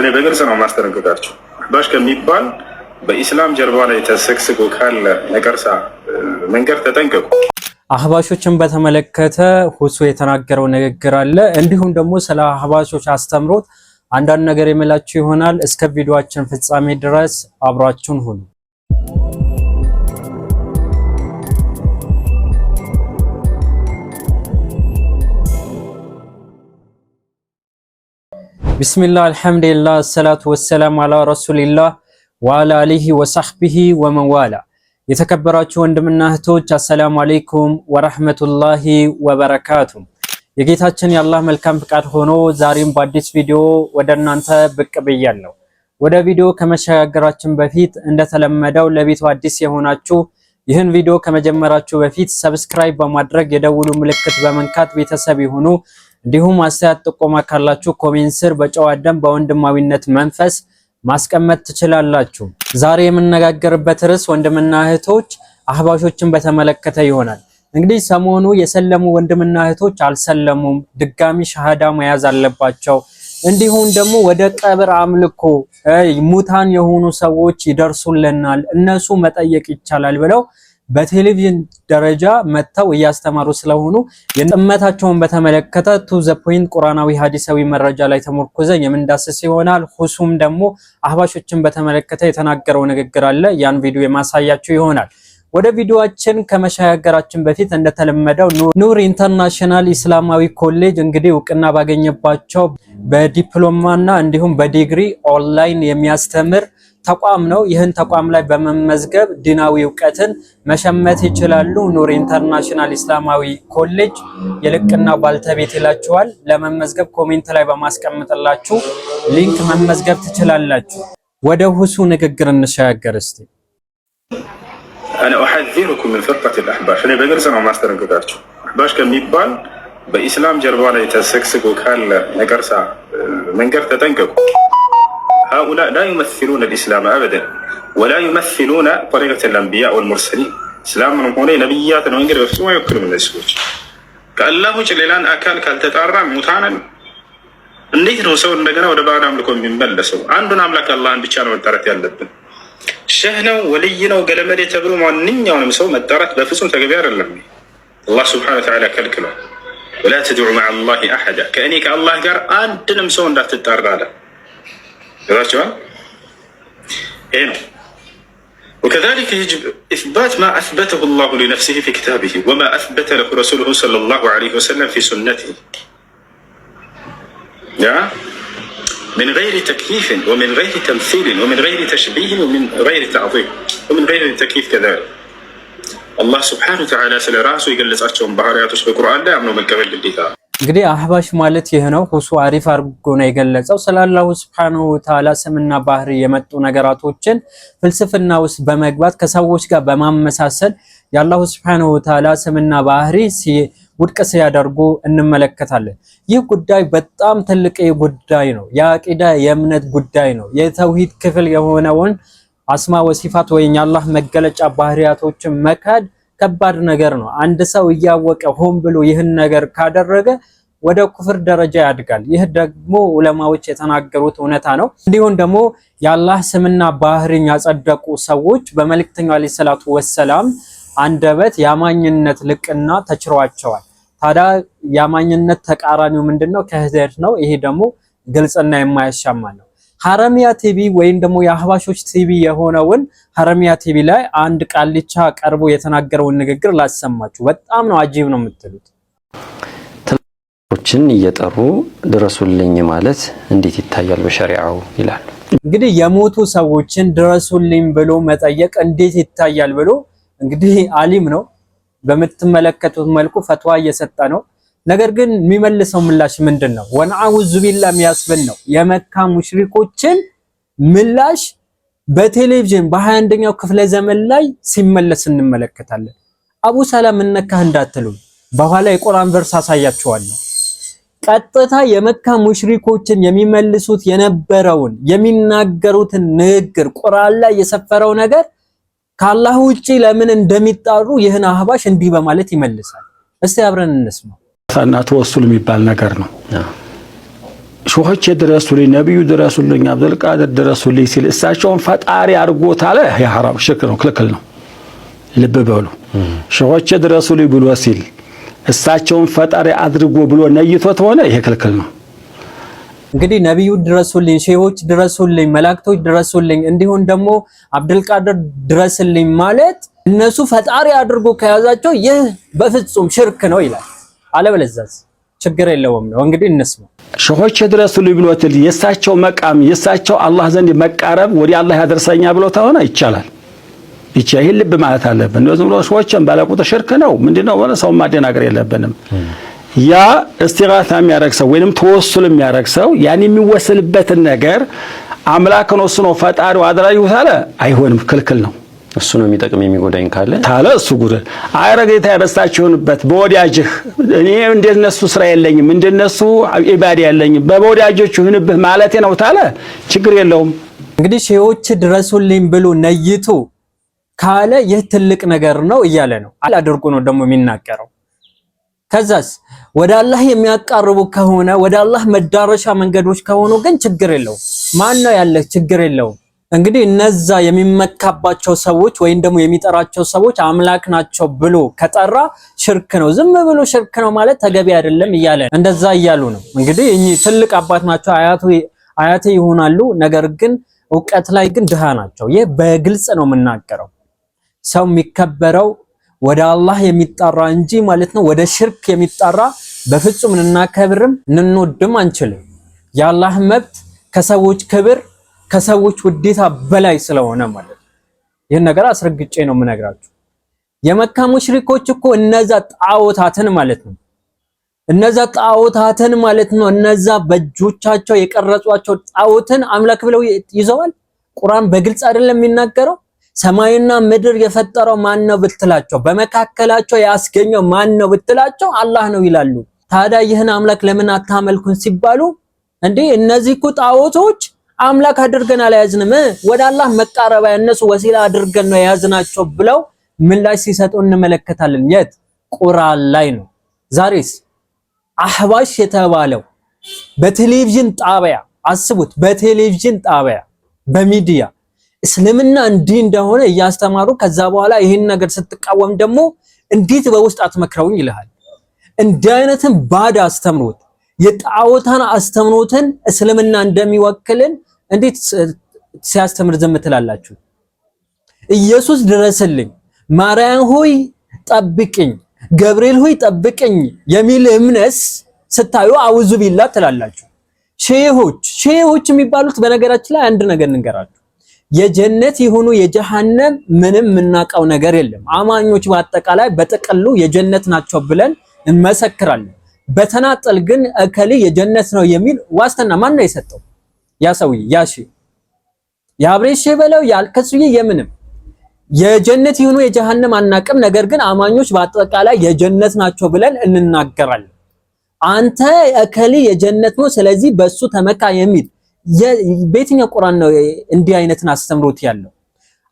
እኔ በግልጽ ነው የማስጠነቅቃቸው። ባሽ ከሚባል በኢስላም ጀርባ ላይ ተሰግስጎ ካለ ነቀርሳ መንገድ ተጠንቀቁ። አህባሾችን በተመለከተ ሁሱ የተናገረው ንግግር አለ። እንዲሁም ደግሞ ስለ አህባሾች አስተምሮት አንዳንድ ነገር የምላችሁ ይሆናል። እስከ ቪዲዮአችን ፍጻሜ ድረስ አብራችሁን ሁኑ። ቢስሚላ አልሐምዱሊላ አሰላቱ ወሰላም አላ ረሱሊላ ወአላ አሊሂ ወሳህቢሂ ወመንዋላ። የተከበራችሁ ወንድምና እህቶች አሰላሙ አለይኩም ወረህመቱላሂ ወበረካቱ። የጌታችን የአላህ መልካም ፍቃድ ሆኖ ዛሬም በአዲስ ቪዲዮ ወደ እናንተ ብቅ ብያለሁ። ወደ ቪዲዮ ከመሸጋገራችን በፊት እንደተለመደው ለቤቱ አዲስ የሆናችሁ ይህን ቪዲዮ ከመጀመራችሁ በፊት ሰብስክራይብ በማድረግ የደውሉ ምልክት በመንካት ቤተሰብ ይሁኑ። እንዲሁም አስተያየት ጥቆማ ካላችሁ ኮሜንት ስር በጨዋ ደም በወንድማዊነት መንፈስ ማስቀመጥ ትችላላችሁ። ዛሬ የምነጋገርበት ርዕስ ወንድምና እህቶች አህባሾችን በተመለከተ ይሆናል። እንግዲህ ሰሞኑ የሰለሙ ወንድምና እህቶች አልሰለሙም፣ ድጋሚ ሻሃዳ መያዝ አለባቸው። እንዲሁም ደግሞ ወደ ቀብር አምልኮ ሙታን የሆኑ ሰዎች ይደርሱልናል፣ እነሱ መጠየቅ ይቻላል ብለው በቴሌቪዥን ደረጃ መጥተው እያስተማሩ ስለሆኑ የጥመታቸውን በተመለከተ ቱ ዘ ፖይንት ቁራናዊ ሀዲሳዊ መረጃ ላይ ተሞርኩዘን የምንዳስስ ይሆናል። ሁሱም ደግሞ አህባሾችን በተመለከተ የተናገረው ንግግር አለ። ያን ቪዲዮ የማሳያችሁ ይሆናል። ወደ ቪዲዮአችን ከመሸጋገራችን በፊት እንደተለመደው ኑር ኢንተርናሽናል ኢስላማዊ ኮሌጅ እንግዲህ እውቅና ባገኘባቸው በዲፕሎማና እንዲሁም በዲግሪ ኦንላይን የሚያስተምር ተቋም ነው። ይህን ተቋም ላይ በመመዝገብ ዲናዊ እውቀትን መሸመት ይችላሉ። ኑር ኢንተርናሽናል ኢስላማዊ ኮሌጅ የልቅና ባልተቤት ይላችኋል። ለመመዝገብ ኮሜንት ላይ በማስቀምጥላችሁ ሊንክ መመዝገብ ትችላላችሁ። ወደ ሁሱ ንግግር እንሸጋገር እስቲ። አነ አሐዚሩኩም ምን ፍርቀቲል አሕባሽ፣ እኔ በግልጽ ነው ማስጠነቅቃችሁ። አሕባሽ ከሚባል በኢስላም ጀርባ ላይ ተሰግስጎ ካለ ነቀርሳ መንገድ ተጠንቀቁ። هؤلاء لا يمثلون الإسلام أبدا ولا يمثلون طريقة الأنبياء والمرسلين እስላም ምንም ሆነ የነቢያትን መንገድ በፍጹም አይወክልም። እነዚህ ሰዎች ከአላህ ውጭ ሌላን አካል ካልተጣራ ሙታን ነው። እንዴት ነው ሰው እንደገና ወደ ባዕድ አምልኮ የሚመለሰው? አንዱን አምላክ አላህን ብቻ ነው መጠራት ያለብን። ሸህ ነው ወልይ ነው ገለመዴ ተብሎ ማንኛውንም ሰው መጠራት በፍጹም ተገቢ አይደለም። አላህ ስብሐነሁ ወተዓላ ከልክሏል። ወላ ተድዑ መዓ አላሂ አሐዳ ከእኔ ከአላህ ጋር አንድንም ሰው እንዳትጣራ አለ። ገባችኋል? ይሄ ነው። وكذلك يجب إثبات ما أثبته الله لنفسه في كتابه وما أثبت له رسوله صلى الله عليه وسلم في سنته نعم. من غير تكييف ومن غير تمثيل ومن غير تشبيه ومن غير تعظيم ومن غير تكييف كذلك الله سبحانه وتعالى راسه يقلص أشهم بحرياته في القرآن لا يمنو من كبير بالدفاع እንግዲህ አህባሽ ማለት ይህ ነው። ሁሱ አሪፍ አድርጎ ነው የገለጸው። ስለ አላሁ ስብሐነሁ ተዓላ ስምና ባህሪ የመጡ ነገራቶችን ፍልስፍና ውስጥ በመግባት ከሰዎች ጋር በማመሳሰል የአላሁ ስብሐነሁ ተዓላ ስምና ባህሪ ውድቅ ሲያደርጉ እንመለከታለን። ይህ ጉዳይ በጣም ትልቅ ጉዳይ ነው። የአቂዳ የእምነት ጉዳይ ነው። የተውሂድ ክፍል የሆነውን አስማ ወሲፋት ወይም የአላህ መገለጫ ባህሪያቶችን መካድ ከባድ ነገር ነው። አንድ ሰው እያወቀ ሆን ብሎ ይህን ነገር ካደረገ ወደ ኩፍር ደረጃ ያድጋል። ይህ ደግሞ ዑለማዎች የተናገሩት እውነታ ነው። እንዲሁም ደግሞ የአላህ ስምና ባህሪን ያጸደቁ ሰዎች በመልእክተኛው ዓለይሂ ሰላቱ ወሰላም አንደበት የአማኝነት ልቅና ተችሯቸዋል። ታዲያ የአማኝነት ተቃራኒው ምንድነው? ክህደት ነው። ይሄ ደግሞ ግልጽና የማያሻማ ነው። ሐረሚያ ቲቪ ወይም ደግሞ የአህባሾች ቲቪ የሆነውን ሀረሚያ ቲቪ ላይ አንድ ቃልቻ ቀርቦ የተናገረውን ንግግር ላሰማችሁ። በጣም ነው አጂብ ነው የምትሉት። ትላንቶችን እየጠሩ ድረሱልኝ ማለት እንዴት ይታያል በሸሪዓው ይላሉ። እንግዲህ የሞቱ ሰዎችን ድረሱልኝ ብሎ መጠየቅ እንዴት ይታያል ብሎ እንግዲህ አሊም ነው በምትመለከቱት መልኩ ፈትዋ እየሰጠ ነው። ነገር ግን የሚመልሰው ምላሽ ምንድን ነው? ወነአውዙ ቢላ የሚያስብል ነው የመካ ሙሽሪኮችን ምላሽ በቴሌቪዥን በ21ኛው ክፍለ ዘመን ላይ ሲመለስ እንመለከታለን። አቡ ሰላም እነካህ እንዳትሉ በኋላ የቁርአን ቨርስ አሳያችኋለሁ። ቀጥታ የመካ ሙሽሪኮችን የሚመልሱት የነበረውን የሚናገሩትን ንግግር ቁርአን ላይ የሰፈረው ነገር ከአላህ ውጪ ለምን እንደሚጣሩ ይህን አህባሽ እንዲህ በማለት ይመልሳል። እስቲ አብረን እንስማ። ሰናት ወሱል የሚባል ነገር ነው ሸሆች ድረሱልኝ፣ ነቢዩ ድረሱልኝ፣ አብዱልቃድር ድረሱልኝ ሲል እሳቸውን ፈጣሪ አድርጎታል። የሐራም ሽርክ ነው፣ ክልክል ነው። ልብ በሉ። ሸሆች ድረሱልኝ ብሎ ሲል እሳቸውን ፈጣሪ አድርጎ ብሎ ነይቶት ሆነ ይሄ ክልክል ነው። እንግዲህ ነቢዩ ድረሱልኝ፣ ሼሆች ድረሱልኝ፣ መላእክቶች ድረሱልኝ እንዲሁም ደግሞ ቃድር ድረስልኝ ማለት እነሱ ፈጣሪ አድርጎ ከያዛቸው ይህ በፍጹም ሽርክ ነው ይላል። አለበለዛስ ችግር የለውም ነው። እንግዲህ እነሱ ሸሆች የድረሱልኝ ብሎትል የእሳቸው መቃም የእሳቸው አላህ ዘንድ መቃረብ ወደ አላህ ያደርሰኛ ብሎ ተሆነ ይቻላል። ይቻ ይህን ልብ ማለት አለብን። እንደዚህ ብሎ ሸሆችን ባለቁጥ ሽርክ ነው ምንድነው ወለ ሰው ማደናገር የለብንም። ያ እስቲጋታ የሚያደርግ ሰው ወይንም ተወሱል የሚያደርግ ሰው ያን የሚወስልበትን ነገር አምላክን ወስኖ ፈጣሪው አድራጅ ታለ አይሆንም፣ ክልክል ነው። እሱ ነው የሚጠቅም የሚጎዳኝ ካለ ታለ እሱ ጉድ አረ ጌታ ያበሳችሁ በወዳጅህ እኔ እንደነሱ ስራ የለኝም እንደነሱ ኢባድ ያለኝም በወዳጆች ይሁንብህ ማለቴ ነው ታለ ችግር የለውም እንግዲህ ሼዎች ድረሱልኝ ብሎ ነይቱ ካለ ይህ ትልቅ ነገር ነው እያለ ነው አድርጎ ነው ደግሞ የሚናገረው ከዛስ ወደ አላህ የሚያቃርቡ ከሆነ ወደ አላህ መዳረሻ መንገዶች ከሆኑ ግን ችግር የለውም ማን ነው ያለ ችግር የለውም እንግዲህ እነዛ የሚመካባቸው ሰዎች ወይም ደግሞ የሚጠራቸው ሰዎች አምላክ ናቸው ብሎ ከጠራ ሽርክ ነው። ዝም ብሎ ሽርክ ነው ማለት ተገቢ አይደለም እያለ እንደዛ እያሉ ነው። እንግዲህ እኚህ ትልቅ አባት ናቸው፣ አያቴ ይሆናሉ። ነገር ግን እውቀት ላይ ግን ድሃ ናቸው። ይህ በግልጽ ነው የምናገረው። ሰው የሚከበረው ወደ አላህ የሚጣራ እንጂ ማለት ነው ወደ ሽርክ የሚጣራ በፍጹም ልናከብርም እንንወድም አንችልም። የአላህ መብት ከሰዎች ክብር ከሰዎች ውዴታ በላይ ስለሆነ ማለት ነው። ይህን ነገር አስረግጬ ነው የምነግራችሁ። የመካ ሙሽሪኮች እኮ እነዛ ጣዖታትን ማለት ነው እነዛ ጣዖታትን ማለት ነው እነዛ በእጆቻቸው የቀረጿቸው ጣዖትን አምላክ ብለው ይዘዋል። ቁርአን በግልጽ አይደለም የሚናገረው ሰማይና ምድር የፈጠረው ማን ነው ብትላቸው፣ በመካከላቸው ያስገኘው ማን ነው ብትላቸው አላህ ነው ይላሉ። ታዲያ ይህን አምላክ ለምን አታመልኩን ሲባሉ እንዴ እነዚህ እኮ ጣዖቶች አምላክ አድርገን አልያዝንም፣ ወደ አላህ መቃረቢያ እነሱ ወሲላ አድርገን ነው የያዝናቸው ብለው ምላሽ ሲሰጡ እንመለከታለን። የት ቁርአን ላይ ነው። ዛሬስ አህባሽ የተባለው በቴሌቪዥን ጣቢያ አስቡት፣ በቴሌቪዥን ጣቢያ በሚዲያ እስልምና እንዲህ እንደሆነ እያስተማሩ ከዛ በኋላ ይህን ነገር ስትቃወም ደግሞ እንዴት በውስጥ አትመክረውኝ ይልሃል። እንዲህ አይነትን ባድ አስተምሮት የጣዖታን አስተምሮትን እስልምና እንደሚወክልን እንዴት ሲያስተምር ዝም ትላላችሁ? ኢየሱስ ድረስልኝ፣ ማርያም ሆይ ጠብቅኝ፣ ገብርኤል ሆይ ጠብቅኝ የሚል እምነት ስታዩ አውዙ ቢላ ትላላችሁ። ሼሆች ሼሆች የሚባሉት በነገራችን ላይ አንድ ነገር እንገራችሁ የጀነት የሆኑ የጀሃነም ምንም የምናውቀው ነገር የለም። አማኞች በአጠቃላይ በጥቅሉ የጀነት ናቸው ብለን እንመሰክራለን። በተናጠል ግን እከሌ የጀነት ነው የሚል ዋስትና ማን ነው የሰጠው? ያ ሰውዬ ያ ሺ የአብሬት በለው ያልከሱዬ የምንም የጀነት ይሁኑ የጀሃነም አናቅም። ነገር ግን አማኞች በአጠቃላይ የጀነት ናቸው ብለን እንናገራለን። አንተ እከሌ የጀነት ነው ስለዚህ በሱ ተመካ የሚል በየትኛው ቁርአን ነው እንዲህ አይነትን አስተምሮት ያለው?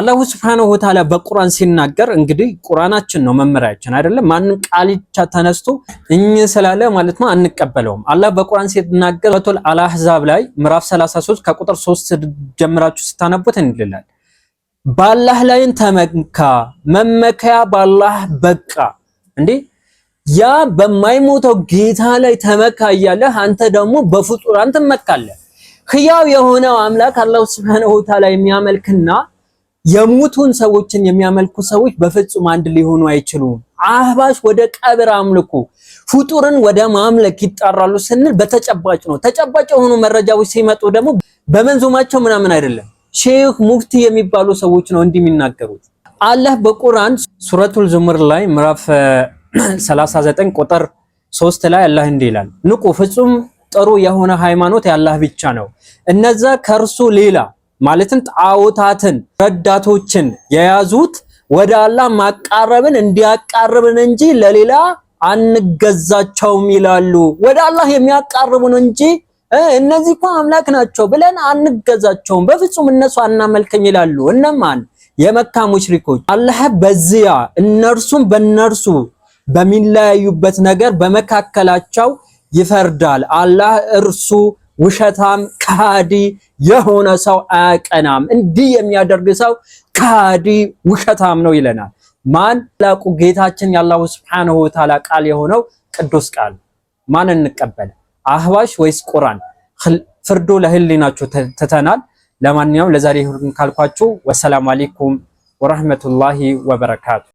አላሁ ስብሐነሁ ወተዓላ በቁርአን ሲናገር እንግዲህ ቁርአናችን ነው መመሪያችን አይደለም። ማንም ቃልቻ ተነስቶ እኝ ስላለ ማለት ነው አንቀበለውም። አላህ በቁርአን ሲናገር ሱረቱል አልአሕዛብ ላይ ምዕራፍ 33 ከቁጥር 3 ጀምራችሁ ስታነቡት እንልላል በአላህ ላይን ተመካ መመከያ በአላህ በቃ እንዴ ያ በማይሞተው ጌታ ላይ ተመካ እያለህ አንተ ደግሞ በፍጡራን ትመካለህ። ህያው የሆነው አምላክ አላሁ ስብሐነሁ ወተዓላ የሚያመልክና የሙቱን ሰዎችን የሚያመልኩ ሰዎች በፍጹም አንድ ሊሆኑ አይችሉም። አህባሽ ወደ ቀብር አምልኩ፣ ፍጡርን ወደ ማምለክ ይጣራሉ ስንል በተጨባጭ ነው። ተጨባጭ የሆኑ መረጃዎች ሲመጡ ደግሞ በመንዙማቸው ምናምን አይደለም። ሼህ ሙፍቲ የሚባሉ ሰዎች ነው እንዲህ የሚናገሩት። አላህ በቁርአን ሱረቱል ዙምር ላይ ምዕራፍ 39 ቁጥር 3 ላይ አላህ እንዲህ ይላል፣ ንቁ ፍጹም ጥሩ የሆነ ሃይማኖት ያላህ ብቻ ነው፣ እነዛ ከእርሱ ሌላ ማለትም ጣዖታትን ረዳቶችን የያዙት ወደ አላህ ማቃረብን እንዲያቃርብን እንጂ ለሌላ አንገዛቸውም ይላሉ። ወደ አላህ የሚያቃርቡን እንጂ እነዚህ እኮ አምላክ ናቸው ብለን አንገዛቸውም፣ በፍጹም እነሱ አናመልከኝ ይላሉ። እነማን? የመካ ሙሽሪኮች። አላህ በዚያ እነርሱም በነርሱ በሚለያዩበት ነገር በመካከላቸው ይፈርዳል። አላህ እርሱ ውሸታም ከሃዲ የሆነ ሰው አያቀናም። እንዲህ የሚያደርግ ሰው ከሃዲ ውሸታም ነው ይለናል። ማን ላቁ ጌታችን የአላሁ ስብሓነሁ ወተዓላ ቃል የሆነው ቅዱስ ቃል ማን እንቀበል? አህባሽ ወይስ ቁራን? ፍርዱ ለህሊናችሁ ትተናል። ለማንኛውም ለዛሬ ይሁን ካልኳችሁ፣ ወሰላም አለይኩም ወረህመቱላሂ ወበረካቱ።